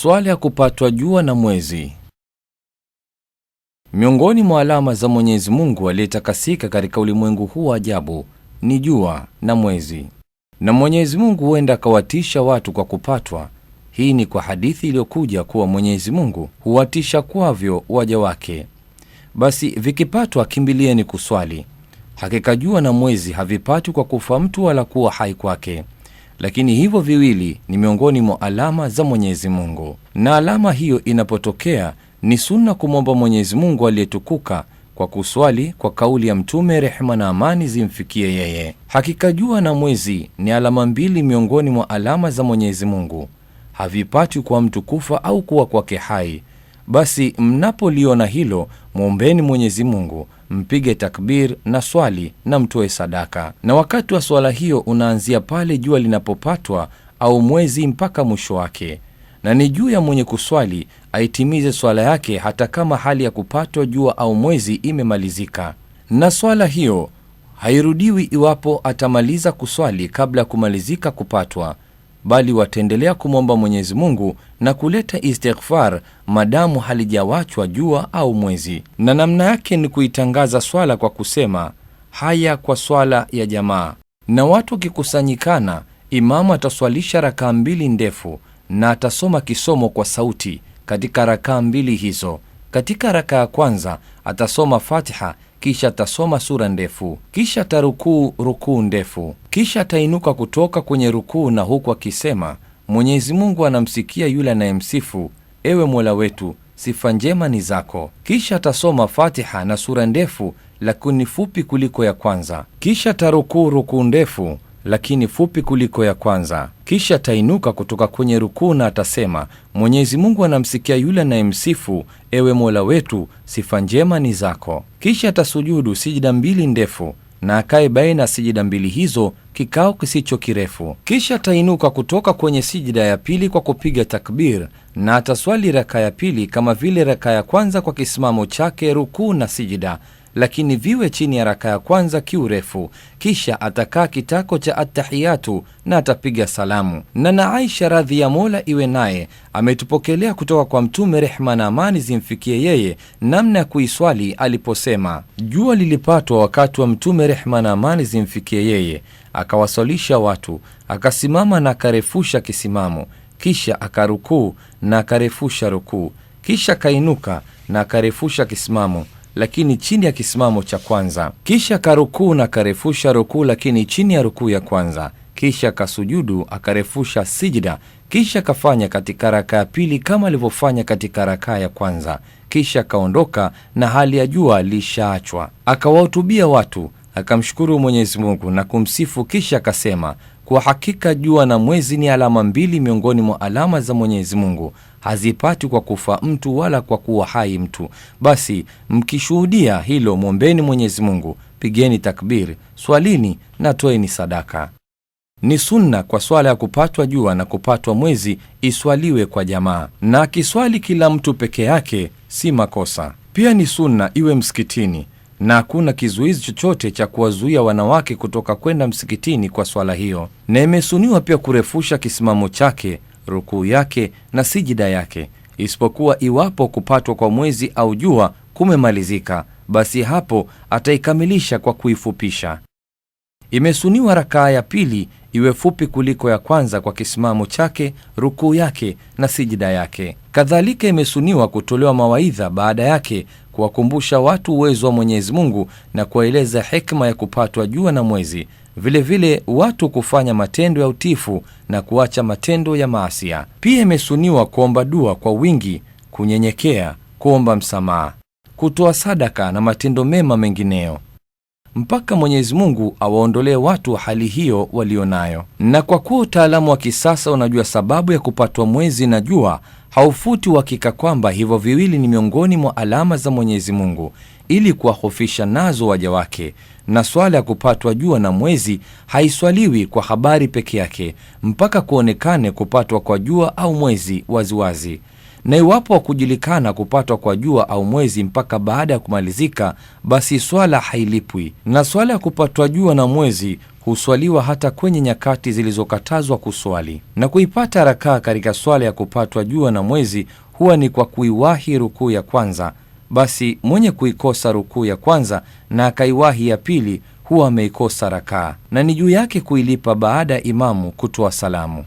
Swala ya kupatwa jua na mwezi. Miongoni mwa alama za Mwenyezi Mungu aliyetakasika katika ulimwengu huu wa ajabu ni jua na mwezi, na Mwenyezi Mungu huenda akawatisha watu kwa kupatwa. Hii ni kwa hadithi iliyokuja kuwa Mwenyezi Mungu huwatisha kwavyo waja wake, basi vikipatwa kimbilieni kuswali. Hakika jua na mwezi havipatwi kwa kufa mtu wala kuwa hai kwake lakini hivyo viwili ni miongoni mwa alama za Mwenyezi Mungu, na alama hiyo inapotokea ni sunna kumwomba Mwenyezi Mungu aliyetukuka kwa kuswali kwa kauli ya Mtume, rehema na amani zimfikie yeye. Hakika jua na mwezi ni alama mbili miongoni mwa alama za Mwenyezi Mungu, havipati kwa mtu kufa au kuwa kwake hai. Basi mnapoliona hilo mwombeni Mwenyezi Mungu, mpige takbir na swali na mtoe sadaka. Na wakati wa swala hiyo unaanzia pale jua linapopatwa au mwezi mpaka mwisho wake, na ni juu ya mwenye kuswali aitimize swala yake hata kama hali ya kupatwa jua au mwezi imemalizika. Na swala hiyo hairudiwi iwapo atamaliza kuswali kabla ya kumalizika kupatwa bali wataendelea kumwomba Mwenyezi Mungu na kuleta istighfar madamu halijawachwa jua au mwezi, na namna yake ni kuitangaza swala kwa kusema haya kwa swala ya jamaa. Na watu wakikusanyikana, imamu ataswalisha rakaa mbili ndefu na atasoma kisomo kwa sauti katika rakaa mbili hizo. Katika rakaa ya kwanza atasoma Fatiha kisha tasoma sura ndefu, kisha tarukuu rukuu ndefu, kisha tainuka kutoka kwenye rukuu na huku akisema, Mwenyezi Mungu anamsikia yule anayemsifu, ewe Mola wetu, sifa njema ni zako. Kisha tasoma Fatiha na sura ndefu, lakini fupi kuliko ya kwanza, kisha tarukuu rukuu ndefu lakini fupi kuliko ya kwanza. Kisha atainuka kutoka kwenye rukuu na atasema, Mwenyezi Mungu anamsikia yule anayemsifu, ewe Mola wetu, sifa njema ni zako. Kisha atasujudu sijida mbili ndefu na akae baina ya sijida mbili hizo kikao kisicho kirefu. Kisha atainuka kutoka kwenye sijida ya pili kwa kupiga takbir, na ataswali raka ya pili kama vile raka ya kwanza kwa kisimamo chake, rukuu na sijida lakini viwe chini ya raka ya kwanza kiurefu, kisha atakaa kitako cha attahiyatu na atapiga salamu. Na na Aisha radhi ya Mola iwe naye ametupokelea kutoka kwa Mtume, rehma na amani zimfikie yeye, namna ya kuiswali aliposema, jua lilipatwa wakati wa Mtume, rehma na amani zimfikie yeye, akawaswalisha watu, akasimama na akarefusha kisimamo, kisha akarukuu na akarefusha rukuu, kisha kainuka na akarefusha kisimamo lakini chini ya kisimamo cha kwanza, kisha karukuu na karefusha rukuu, lakini chini ya rukuu ya kwanza, kisha kasujudu akarefusha sijida, kisha kafanya katika rakaa ya pili kama alivyofanya katika rakaa ya kwanza, kisha kaondoka na hali ya jua lishaachwa. Akawahutubia watu akamshukuru Mwenyezi Mungu na kumsifu, kisha akasema kwa hakika jua na mwezi ni alama mbili miongoni mwa alama za Mwenyezi Mungu, hazipati kwa kufa mtu wala kwa kuwa hai mtu. Basi mkishuhudia hilo, mwombeni Mwenyezi Mungu, pigeni takbiri, swalini na toeni sadaka. Ni sunna kwa swala ya kupatwa jua na kupatwa mwezi iswaliwe kwa jamaa, na akiswali kila mtu peke yake si makosa. Pia ni sunna iwe msikitini na hakuna kizuizi chochote cha kuwazuia wanawake kutoka kwenda msikitini kwa swala hiyo, na imesuniwa pia kurefusha kisimamo chake, rukuu yake na sijida yake, isipokuwa iwapo kupatwa kwa mwezi au jua kumemalizika, basi hapo ataikamilisha kwa kuifupisha. Imesuniwa rakaa ya pili iwe fupi kuliko ya kwanza kwa kisimamo chake, rukuu yake na sijida yake. Kadhalika imesuniwa kutolewa mawaidha baada yake kuwakumbusha watu uwezo wa Mwenyezi Mungu na kuwaeleza hekma ya kupatwa jua na mwezi, vilevile vile watu kufanya matendo ya utifu na kuacha matendo ya maasia. Pia imesuniwa kuomba dua kwa wingi, kunyenyekea, kuomba msamaha, kutoa sadaka na matendo mema mengineyo mpaka Mwenyezi Mungu awaondolee watu hali hiyo walionayo. Na kwa kuwa utaalamu wa kisasa unajua sababu ya kupatwa mwezi na jua, haufuti uhakika kwamba hivyo viwili ni miongoni mwa alama za Mwenyezi Mungu ili kuwahofisha nazo waja wake. Na swala ya kupatwa jua na mwezi haiswaliwi kwa habari peke yake mpaka kuonekane kupatwa kwa jua au mwezi waziwazi wazi na iwapo kujulikana kupatwa kwa jua au mwezi mpaka baada ya kumalizika, basi swala hailipwi. Na swala ya kupatwa jua na mwezi huswaliwa hata kwenye nyakati zilizokatazwa kuswali, na kuipata rakaa katika swala ya kupatwa jua na mwezi huwa ni kwa kuiwahi rukuu ya kwanza. Basi mwenye kuikosa rukuu ya kwanza na akaiwahi ya pili huwa ameikosa rakaa, na ni juu yake kuilipa baada ya imamu kutoa salamu.